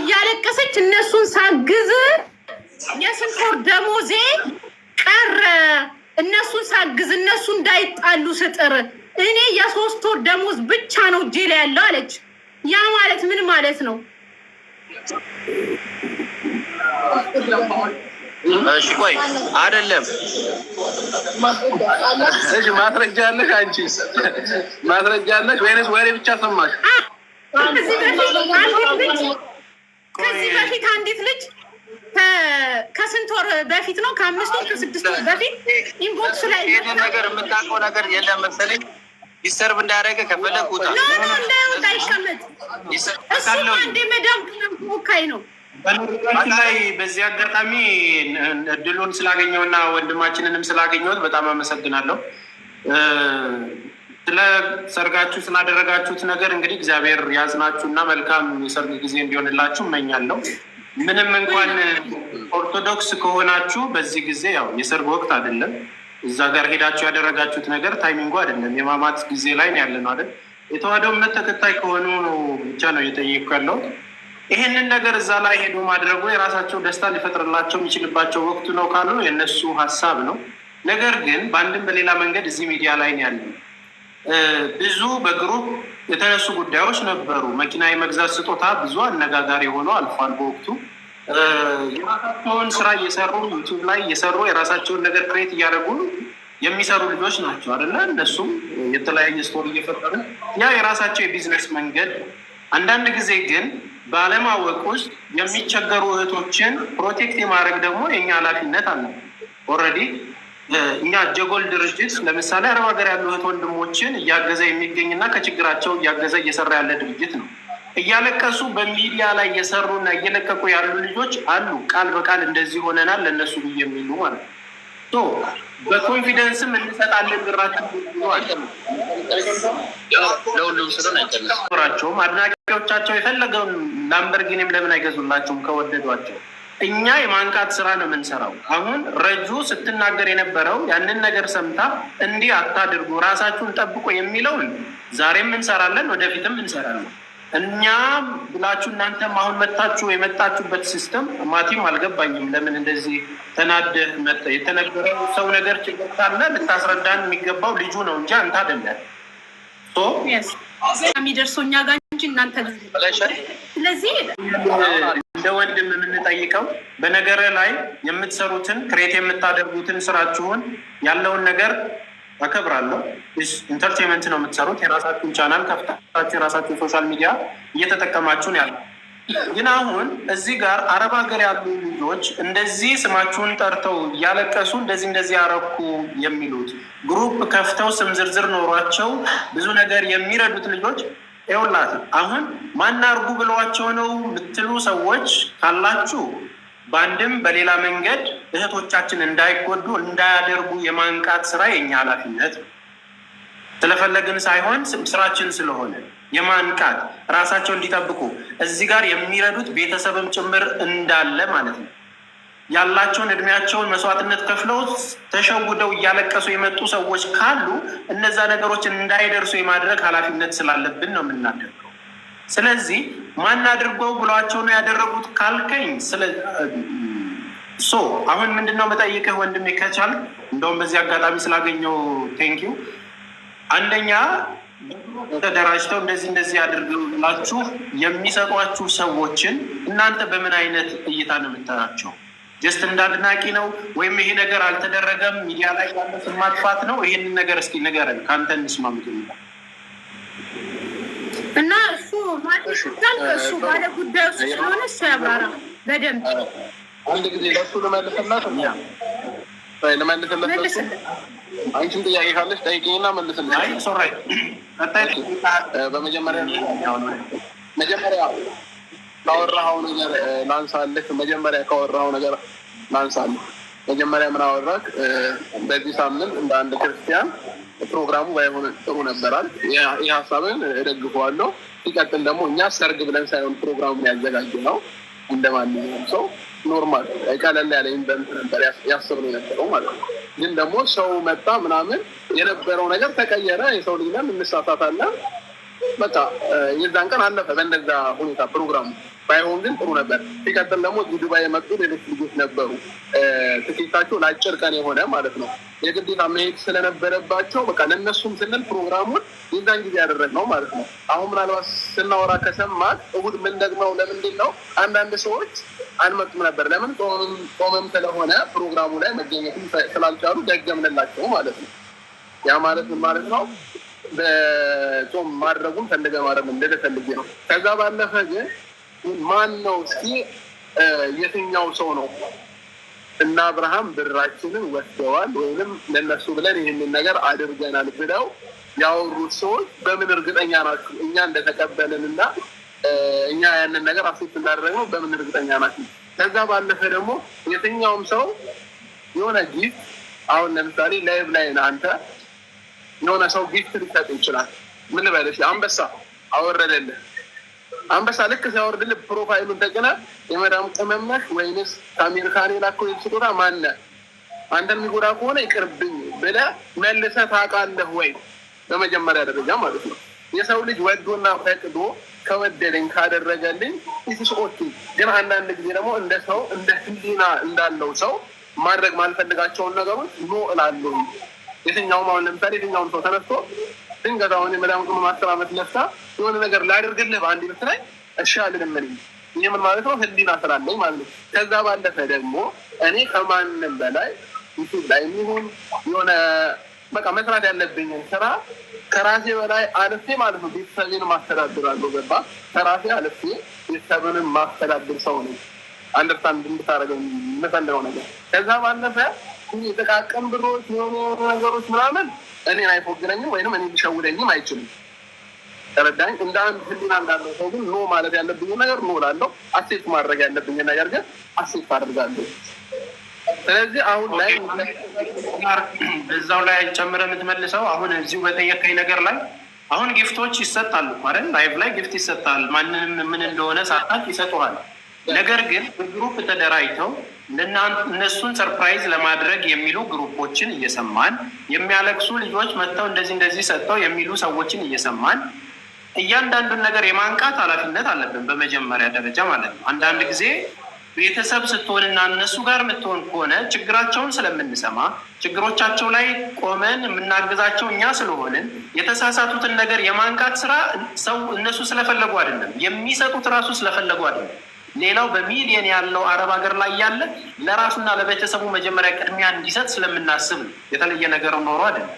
እያለቀሰች እነሱን ሳግዝ የስንት ወር ደሞዜ ቀረ። እነሱን ሳግዝ እነሱ እንዳይጣሉ ስጥር እኔ የሶስት ወር ደሞዝ ብቻ ነው እጄ ላይ ያለው አለች። ያ ማለት ምን ማለት ነው? እሺ ቆይ አይደለም፣ ማስረጃ አለሽ አንቺ? ማስረጃ አለሽ ወይስ ወሬ ብቻ ሰማሽ? ከዚህ በፊት አንዲት ልጅ ከስንት ወር በፊት ነው ከአምስት ወር ከስድስት ወር በፊት ኢንቦክስ ላይ ይህንን ነገር የምታውቀው ነገር የለም መሰለኝ። ይሰርብ እንዳያደረገ ከፈለግ ውጣ እንዳይወጣ ይቀመጥ። እሱም አንዴ መዳም ሞካይ ነው። ላይ በዚህ አጋጣሚ እድሉን ስላገኘውና ወንድማችንንም ስላገኘሁት በጣም አመሰግናለሁ። ስለ ሰርጋችሁ ስላደረጋችሁት ነገር እንግዲህ እግዚአብሔር ያጽናችሁ እና መልካም የሰርግ ጊዜ እንዲሆንላችሁ እመኛለሁ። ምንም እንኳን ኦርቶዶክስ ከሆናችሁ በዚህ ጊዜ ያው የሰርግ ወቅት አይደለም። እዛ ጋር ሄዳችሁ ያደረጋችሁት ነገር ታይሚንጉ አይደለም። የማማት ጊዜ ላይ ያለ ነው አይደል? የተዋህዶ እምነት ተከታይ ከሆኑ ብቻ ነው እየጠየቅኩ ያለው። ይህንን ነገር እዛ ላይ ሄዶ ማድረጉ የራሳቸው ደስታ ሊፈጥርላቸው የሚችልባቸው ወቅቱ ነው ካሉ የእነሱ ሀሳብ ነው። ነገር ግን በአንድም በሌላ መንገድ እዚህ ሚዲያ ላይ ያለ ብዙ በግሩፕ የተነሱ ጉዳዮች ነበሩ። መኪና የመግዛት ስጦታ ብዙ አነጋጋሪ ሆኖ አልፏል። በወቅቱ የራሳቸውን ስራ እየሰሩ ዩቱብ ላይ እየሰሩ የራሳቸውን ነገር ክሬት እያደረጉ የሚሰሩ ልጆች ናቸው አይደለ? እነሱም የተለያየ ስቶሪ እየፈጠሩ ያ የራሳቸው የቢዝነስ መንገድ። አንዳንድ ጊዜ ግን በአለማወቅ ውስጥ የሚቸገሩ እህቶችን ፕሮቴክት የማድረግ ደግሞ የኛ ኃላፊነት አለ ኦልሬዲ እኛ ጀጎል ድርጅት ለምሳሌ አረብ ሀገር ያሉ እህት ወንድሞችን እያገዘ የሚገኝና ከችግራቸው እያገዘ እየሰራ ያለ ድርጅት ነው። እያለቀሱ በሚዲያ ላይ እየሰሩና እየለቀቁ ያሉ ልጆች አሉ። ቃል በቃል እንደዚህ ሆነናል ለእነሱ ብዬ የሚሉ ማለት ነው። በኮንፊደንስም እንሰጣለን ግራቸውራቸውም አድናቂዎቻቸው የፈለገውን ላምበርጊኒም ለምን አይገዙላቸውም ከወደዷቸው? እኛ የማንቃት ስራ ነው የምንሰራው። አሁን ረጁ ስትናገር የነበረው ያንን ነገር ሰምታ እንዲህ አታድርጉ፣ ራሳችሁን ጠብቆ የሚለውን ዛሬም እንሰራለን፣ ወደፊትም እንሰራለን። እኛም ብላችሁ እናንተም አሁን መታችሁ የመጣችሁበት ሲስተም ማቲም አልገባኝም። ለምን እንደዚህ ተናደህ መጠ የተነገረው ሰው ነገር ችግር ካለ ልታስረዳን የሚገባው ልጁ ነው እንጂ አንተ አይደለም። የሚደርሰው እኛ ጋር እንጂ እናንተ ስለዚህ እንደ ወንድም የምንጠይቀው በነገር ላይ የምትሰሩትን ክሬት የምታደርጉትን ስራችሁን ያለውን ነገር አከብራለሁ። ኢንተርቴንመንት ነው የምትሰሩት፣ የራሳችሁን ቻናል ከፍታችሁ የራሳችሁን ሶሻል ሚዲያ እየተጠቀማችሁን ያለ ግን አሁን እዚህ ጋር አረብ ሀገር ያሉ ልጆች እንደዚህ ስማችሁን ጠርተው እያለቀሱ እንደዚህ እንደዚህ ያረኩ የሚሉት ግሩፕ ከፍተው ስም ዝርዝር ኖሯቸው ብዙ ነገር የሚረዱት ልጆች ይኸውላት አሁን ማን አርጉ ብለዋቸው ነው የምትሉ ሰዎች ካላችሁ በአንድም በሌላ መንገድ እህቶቻችን እንዳይጎዱ እንዳያደርጉ የማንቃት ስራ የኛ ኃላፊነት ስለፈለግን ሳይሆን ስራችን ስለሆነ የማንቃት ራሳቸው እንዲጠብቁ እዚህ ጋር የሚረዱት ቤተሰብም ጭምር እንዳለ ማለት ነው። ያላቸውን እድሜያቸውን መስዋዕትነት ከፍለው ተሸውደው እያለቀሱ የመጡ ሰዎች ካሉ እነዛ ነገሮች እንዳይደርሱ የማድረግ ኃላፊነት ስላለብን ነው የምናደርገው። ስለዚህ ማን አድርገው ብሏቸው ነው ያደረጉት ካልከኝ ሶ አሁን ምንድነው መጠይቅህ ወንድሜ ከቻል እንደውም በዚህ አጋጣሚ ስላገኘው ቴንኪ አንደኛ ተደራጅተው እንደዚህ እንደዚህ ያደርግላችሁ የሚሰጧችሁ ሰዎችን እናንተ በምን አይነት እይታ ነው የምታያቸው? ጀስት እንዳድናቂ ነው ወይም ይሄ ነገር አልተደረገም ሚዲያ ላይ ያለ ስም ማጥፋት ነው? ይሄንን ነገር እስኪ ንገረን፣ ከአንተ እንስማ። እና እሱ እሱ ባለ ጉዳዩ ስለሆነ እሱ ያብራራ በደንብ። አንድ ጊዜ ለሱ ልመልስላት ልመልስለት፣ አንቺም ጥያቄ ካለች ጠይቂኝና መልስልኝ። በመጀመሪያ መጀመሪያ ላወራኸው ነገር ላንሳልህ። መጀመሪያ ካወራኸው ነገር ላንሳልህ። መጀመሪያ ምን አወራህ? በዚህ ሳምንት እንደ አንድ ክርስቲያን ፕሮግራሙ ባይሆን ጥሩ ነበራል። ይህ ሀሳብን እደግፈዋለሁ። ሲቀጥል ደግሞ እኛ ሰርግ ብለን ሳይሆን ፕሮግራሙን ያዘጋጅ ነው እንደ ማንኛውም ሰው ኖርማል ቀለል ያለ ኢንቨንት ነበር ያስብ ነው የነበረው ማለት ነው። ግን ደግሞ ሰው መጣ ምናምን የነበረው ነገር ተቀየረ። የሰው ልጅ ነን እንሳሳታለን። በቃ የዛን ቀን አለፈ በእንደዛ ሁኔታ ፕሮግራሙ ባይሆን ግን ጥሩ ነበር። ሲቀጥል ደግሞ ዱባይ የመጡ ሌሎች ልጆች ነበሩ። ትኬታቸው ለአጭር ቀን የሆነ ማለት ነው። የግዴታ መሄድ ስለነበረባቸው በቃ ለእነሱም ስንል ፕሮግራሙን የዛን ጊዜ ያደረግነው ማለት ነው። አሁን ምናልባት ስናወራ ከሰማት እሑድ ምንደግመው ለምንድን ነው አንዳንድ ሰዎች አንመጡም ነበር። ለምን ጾምም ስለሆነ ፕሮግራሙ ላይ መገኘትም ስላልቻሉ ደገምንላቸው ማለት ነው። ያ ማለት ማለት ነው? በጾም ማድረጉም ፈልገ ማድረግ እንደተፈልጌ ነው። ከዛ ባለፈ ግን ማን ነው እስኪ የትኛው ሰው ነው? እና አብርሃም ብራችንን ወስደዋል ወይም ለነሱ ብለን ይህንን ነገር አድርገናል ብለው ያወሩት ሰዎች በምን እርግጠኛ ናቸው እኛ እንደተቀበልን እና እኛ ያንን ነገር አሴት እንዳደረግነው በምን እርግጠኛ ናቸው? ከዛ ባለፈ ደግሞ የትኛውም ሰው የሆነ ጊፍት አሁን ለምሳሌ ላይብ ላይ አንተ የሆነ ሰው ጊፍት ሊሰጥ ይችላል። ምን ልበልሽ አንበሳ አወረደልህ አንበሳ ልክ ሲያወርድልህ ፕሮፋይሉን ተገና የመዳም ቅመመሽ ወይንስ ከአሜሪካን የላከው ስጦታ ማነ አንተን የሚጎዳ ከሆነ ይቅርብኝ ብለ መልሰ ታውቃለህ ወይ? በመጀመሪያ ደረጃ ማለት ነው። የሰው ልጅ ወዶና ፈቅዶ ከወደደኝ ካደረገልኝ ኢትስኦቱ ግን አንዳንድ ጊዜ ደግሞ እንደ ሰው እንደ ህሊና እንዳለው ሰው ማድረግ ማልፈልጋቸውን ነገሮች ኖ እላለሁ። የትኛውም አሁን ለምሳሌ የትኛውም ሰው ተነስቶ ድንገት አሁን የመዳም ቅመም ማስተማመት ነሳ የሆነ ነገር ላድርግልህ በአንድ ብት ላይ እሺ አልልምል። ይህ ምን ማለት ነው? ህሊና ስላለኝ ማለት ነው። ከዛ ባለፈ ደግሞ እኔ ከማንም በላይ ዩቱብ ላይ የሚሆን የሆነ በቃ መስራት ያለብኝን ስራ ከራሴ በላይ አልፌ ማለት ነው ቤተሰብን ማስተዳድራለሁ። ገባ? ከራሴ አልፌ ቤተሰብንም ማስተዳድር ሰው ነው። አንደርስታንድ እንድታደረገው የምፈልገው ነገር ከዛ ባለፈ ጥቃቅን ብሮች የሆኑ ነገሮች ምናምን እኔን አይፎግረኝም ወይም እኔ ሊሸውደኝም አይችልም። ተረዳኝ። እንደ አንድ ህሊና እንዳለው ሰው ግን ኖ ማለት ያለብኝ ነገር ኖ ላለው፣ አሴት ማድረግ ያለብኝ ነገር ግን አሴት አድርጋለሁ። ስለዚህ አሁን ላይ እዛው ላይ ጨምረ የምትመልሰው አሁን እዚሁ በጠየቀኝ ነገር ላይ አሁን ጊፍቶች ይሰጣሉ ማለት ላይቭ ላይ ጊፍት ይሰጣል። ማንንም ምን እንደሆነ ሳታች ይሰጡሃል። ነገር ግን በግሩፕ ተደራጅተው እነሱን ሰርፕራይዝ ለማድረግ የሚሉ ግሩፖችን እየሰማን የሚያለቅሱ ልጆች መጥተው እንደዚህ እንደዚህ ሰጥተው የሚሉ ሰዎችን እየሰማን እያንዳንዱን ነገር የማንቃት ኃላፊነት አለብን። በመጀመሪያ ደረጃ ማለት ነው። አንዳንድ ጊዜ ቤተሰብ ስትሆንና እነሱ ጋር የምትሆን ከሆነ ችግራቸውን ስለምንሰማ ችግሮቻቸው ላይ ቆመን የምናግዛቸው እኛ ስለሆንን የተሳሳቱትን ነገር የማንቃት ስራ ሰው እነሱ ስለፈለጉ አይደለም የሚሰጡት ራሱ ስለፈለጉ አይደለም ሌላው በሚሊየን ያለው አረብ ሀገር ላይ ያለ ለራሱና ለቤተሰቡ መጀመሪያ ቅድሚያ እንዲሰጥ ስለምናስብ የተለየ ነገር ኖሮ አይደለም።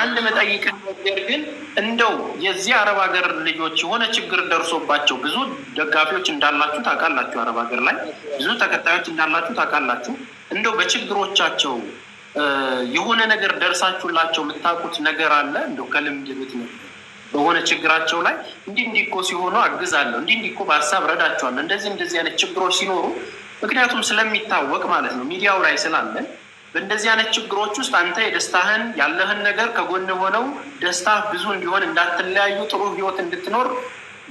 አንድ መጠይቅ ነገር ግን እንደው የዚህ አረብ ሀገር ልጆች የሆነ ችግር ደርሶባቸው ብዙ ደጋፊዎች እንዳላችሁ ታውቃላችሁ፣ አረብ ሀገር ላይ ብዙ ተከታዮች እንዳላችሁ ታውቃላችሁ። እንደው በችግሮቻቸው የሆነ ነገር ደርሳችሁላቸው የምታውቁት ነገር አለ እንደው ከልምድ ቤት ነው በሆነ ችግራቸው ላይ እንዲህ እንዲህ እኮ ሲሆኑ አግዛለሁ፣ እንዲህ እንዲህ እኮ በሀሳብ ረዳቸዋለሁ፣ እንደዚህ እንደዚህ አይነት ችግሮች ሲኖሩ ምክንያቱም ስለሚታወቅ ማለት ነው ሚዲያው ላይ ስላለን በእንደዚህ አይነት ችግሮች ውስጥ አንተ የደስታህን ያለህን ነገር ከጎን ሆነው ደስታ ብዙ እንዲሆን እንዳትለያዩ ጥሩ ህይወት እንድትኖር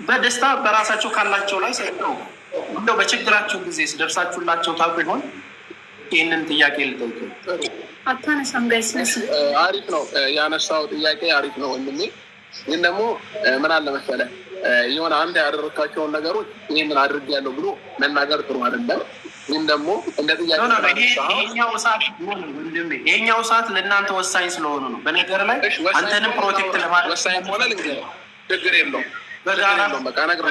በደስታ በራሳቸው ካላቸው ላይ ሰው እንደው በችግራቸው ጊዜ ስደርሳችሁላቸው ታውቁ ይሆን? ይህንን ጥያቄ ልጠይቅ። አታነሳም አሪፍ ነው ያነሳው ጥያቄ አሪፍ ነው ወንድሜ። ግን ደግሞ ምን አለ መሰለ የሆነ አንድ ያደረካቸውን ነገሮች ይህ ምን አድርግ ያለው ብሎ መናገር ጥሩ አይደለም። ግን ደግሞ እንደ ይሄኛው ሰዓት ለእናንተ ወሳኝ ስለሆኑ ነው። በነገር ላይ አንተንም ፕሮቴክት ለማድረግ ወሳኝ ሆነ ልንገርህ፣ ችግር የለውም በጋራ በቃ ነገር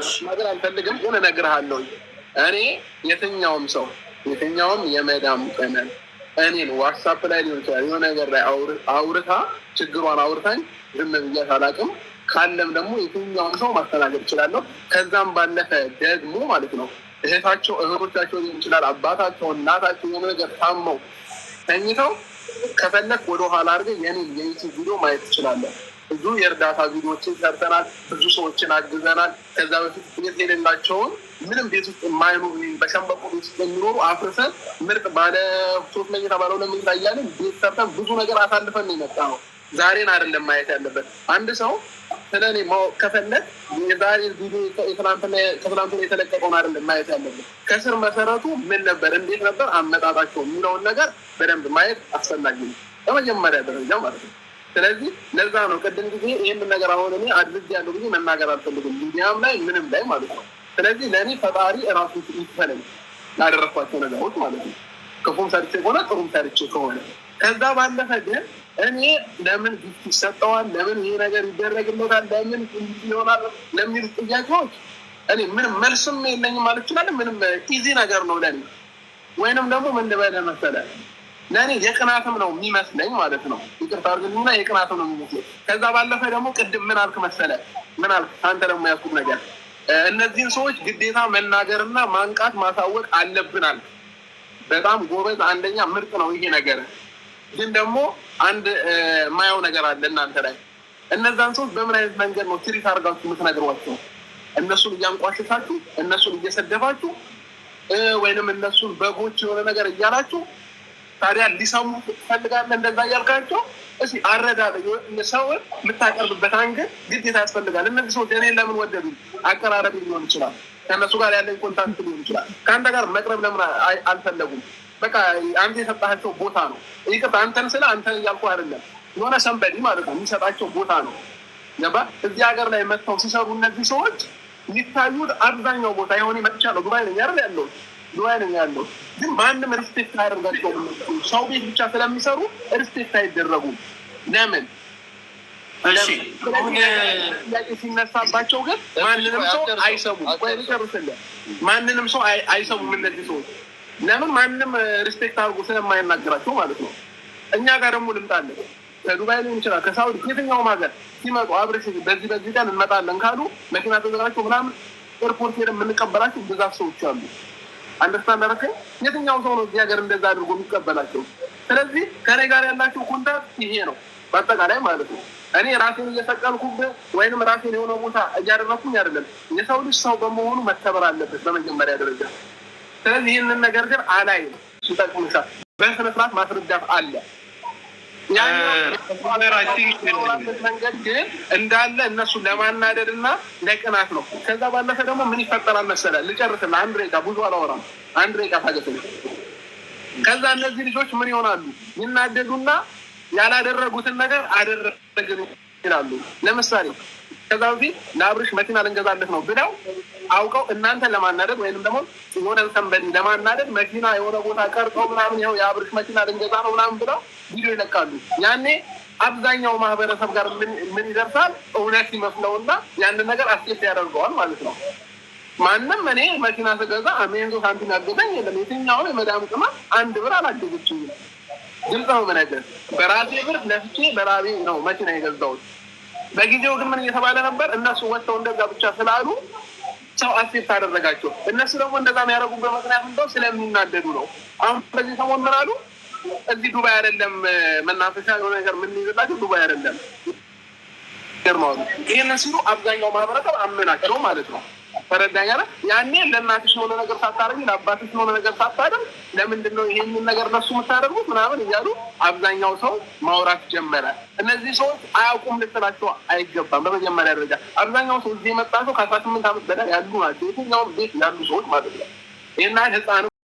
አልፈልግም ግን እነግርሃለሁ። እኔ የትኛውም ሰው የትኛውም የመዳም ቀመን እኔን ዋትሳፕ ላይ ሊሆን ይችላል የሆነ ነገር ላይ አውርታ ችግሯን አውርታኝ ዝም ብያት አላውቅም። ካለም ደግሞ የትኛውም ሰው ማስተናገድ እችላለሁ። ከዛም ባለፈ ደግሞ ማለት ነው እህታቸው እህቶቻቸው ሊሆን ይችላል አባታቸው፣ እናታቸው የሆነ ነገር ታመው ተኝተው ከፈለግ ወደ ኋላ አድርገህ የኔ የዩቲዩብ ቪዲዮ ማየት ትችላለህ። ብዙ የእርዳታ ቪዲዮዎችን ሰርተናል። ብዙ ሰዎችን አግዘናል። ከዛ በፊት ቤት የሌላቸውን ምንም ቤት ውስጥ የማይኖሩ በሸንበቆ ቤት ውስጥ የሚኖሩ አፍርሰን ምርጥ ባለ ሶስት መኝታ ባለ ሁለት መኝታ እያለን ቤት ሰርተን ብዙ ነገር አሳልፈን የመጣ ነው። ዛሬን አይደለም ማየት ያለበት። አንድ ሰው ስለ እኔ ማወቅ ከፈለግ የዛሬ ከትላንትና የተለቀቀውን አይደለም ማየት ያለበት። ከስር መሰረቱ ምን ነበር፣ እንዴት ነበር አመጣጣቸው የሚለውን ነገር በደንብ ማየት አስፈላጊ ነው፣ በመጀመሪያ ደረጃ ማለት ነው። ስለዚህ ለዛ ነው ቅድም ጊዜ ይህን ነገር አሁን እኔ አድርግ ያለው ጊዜ መናገር አልፈልግም፣ ሚዲያም ላይ ምንም ላይ ማለት ነው። ስለዚህ ለእኔ ፈጣሪ እራሱ ይፈለኝ ያደረግኳቸው ነገሮች ማለት ነው። ክፉም ሰርቼ ከሆነ ጥሩም ሰርቼ ከሆነ ከዛ ባለፈ ግን እኔ ለምን ይሰጠዋል፣ ለምን ይህ ነገር ይደረግለታል፣ ለምን ይሆናል ለሚሉ ጥያቄዎች እኔ ምንም መልስም የለኝም ማለት ይችላለ። ምንም ኢዚ ነገር ነው ለኔ። ወይንም ደግሞ ምን ልበለ መሰለ ለእኔ የቅናትም ነው የሚመስለኝ ማለት ነው። ይቅርታ አርግና የቅናትም ነው የሚመስለኝ። ከዛ ባለፈ ደግሞ ቅድም ምን አልክ መሰለ ምን አልክ አንተ ደግሞ ያልኩት ነገር እነዚህን ሰዎች ግዴታ መናገርና ማንቃት ማሳወቅ አለብናል። በጣም ጎበዝ አንደኛ ምርጥ ነው ይሄ ነገር ግን ደግሞ አንድ ማየው ነገር አለ እናንተ ላይ እነዛን ሰዎች በምን አይነት መንገድ ነው ትሪት አድርጋችሁ የምትነግሯቸው? እነሱን እያንቋሸታችሁ እነሱን እየሰደባችሁ፣ ወይንም እነሱን በጎች የሆነ ነገር እያላችሁ ታዲያ ሊሰሙ ትፈልጋለህ? እንደዛ እያልካቸው እሺ፣ አረዳለ ሰውን የምታቀርብበት አንገድ ግዴታ ያስፈልጋል። እነዚህ ሰዎች እኔ ለምን ወደዱ? አቀራረብ ሊሆን ይችላል፣ ከእነሱ ጋር ያለኝ ኮንታክት ሊሆን ይችላል። ከአንተ ጋር መቅረብ ለምን አልፈለጉም? በቃ አንተ የሰጣቸው ቦታ ነው። ይቅርታ አንተን ስለ አንተ እያልኩ አይደለም፣ የሆነ ሰንበዲ ማለት ነው የሚሰጣቸው ቦታ ነው። ገባ እዚህ ሀገር ላይ መጥተው ሲሰሩ እነዚህ ሰዎች የሚታዩት አብዛኛው ቦታ የሆነ መጥቻለሁ። ዱባይ ነኝ አይደል ያለው ዱባይ ነኝ ያለው ግን ማንም ሪስፔክት አያደርጋቸው። ሰው ቤት ብቻ ስለሚሰሩ ሪስፔክት አይደረጉም። ለምን ሲነሳባቸው ግን ማንንም ሰው አይሰሙም። ማንንም ሰው አይሰሙም እነዚህ ሰዎች ለምን ማንም ሪስፔክት አድርጎ ስለማይናገራቸው ማለት ነው። እኛ ጋር ደግሞ ልምጣለ ከዱባይ ሊሆን ይችላል ከሳውዲ የትኛውም ሀገር ሲመጡ አብሬሽ በዚህ በዚህ ቀን እንመጣለን ካሉ መኪና ተዘጋቸው ምናምን ኤርፖርት ሄደን የምንቀበላቸው ብዛት ሰዎች አሉ። አንደርስታንድ አደረከኝ። የትኛው ሰው ነው እዚህ ሀገር እንደዛ አድርጎ የሚቀበላቸው? ስለዚህ ከኔ ጋር ያላቸው ኮንታክት ይሄ ነው በአጠቃላይ ማለት ነው። እኔ ራሴን እየሰቀልኩብ ወይንም ራሴን የሆነ ቦታ እያደረኩኝ አይደለም። የሰው ልጅ ሰው በመሆኑ መከበር አለበት በመጀመሪያ ደረጃ ስለዚህ ይህንን ነገር ግን አላይ ስንጠቅሙ ሰ በስነስርዓት ማስረዳት አለ። መንገድ ግን እንዳለ እነሱ ለማናደድ እና ለቅናት ነው። ከዛ ባለፈ ደግሞ ምን ይፈጠራል መሰለ ልጨርስና አንድ ቃ ብዙ አላወራም። አንድ ደቂቃ ታገስ። ከዛ እነዚህ ልጆች ምን ይሆናሉ? ይናደዱና ያላደረጉትን ነገር አደረግን ይላሉ። ለምሳሌ ከዛ በፊት ለአብርሽ መኪና ልንገዛለት ነው ብለው አውቀው እናንተን ለማናደድ ወይም ደግሞ የሆነ ሰንበድ ለማናደድ መኪና የሆነ ቦታ ቀርጠው ምናምን ይኸው የአብርሽ መኪና ልንገዛ ነው ምናምን ብለው ቪዲዮ ይለቃሉ። ያኔ አብዛኛው ማህበረሰብ ጋር ምን ይደርሳል? እውነት ይመስለውና ያንን ነገር አስኬት ያደርገዋል ማለት ነው። ማንም እኔ መኪና ስገዛ አሜንዞ ሳንቲም ያገዘኝ የለም። የትኛውን የመዳም ቅማ አንድ ብር አላገዘችኝም። ግልጽ ነው ምነገር በራሴ ብር ለፍቼ በራቤ ነው መኪና የገዛሁት። በጊዜው ግን ምን እየተባለ ነበር? እነሱ ወጥተው እንደዛ ብቻ ስላሉ ሰው አሴፕት አደረጋቸው። እነሱ ደግሞ እንደዛ የሚያደርጉበት ምክንያት እንደው ስለሚናደዱ ነው። አሁን በዚህ ሰሞን ምን አሉ? እዚህ ዱባይ አይደለም መናፈሻ የሆነ ነገር የምንይዝላቸው ዱባይ አይደለም። ይሄንን ሲሉ አብዛኛው ማህበረሰብ አምናቸው ማለት ነው። ተረዳኝ። ያኔ ለእናትሽ የሆነ ነገር ሳታደርግ ለአባትሽ የሆነ ነገር ሳታደርግ ለምንድን ነው ይሄንን ነገር እነሱ የምታደርጉት ምናምን እያሉ አብዛኛው ሰው ማውራት ጀመረ። እነዚህ ሰዎች አያውቁም ልትላቸው አይገባም። በመጀመሪያ ደረጃ አብዛኛው ሰው እዚህ የመጣ ሰው ከአስራ ስምንት ዓመት በላይ ያሉ ናቸው። የትኛውም ቤት ያሉ ሰዎች ማለት ነው። ይህና ህፃን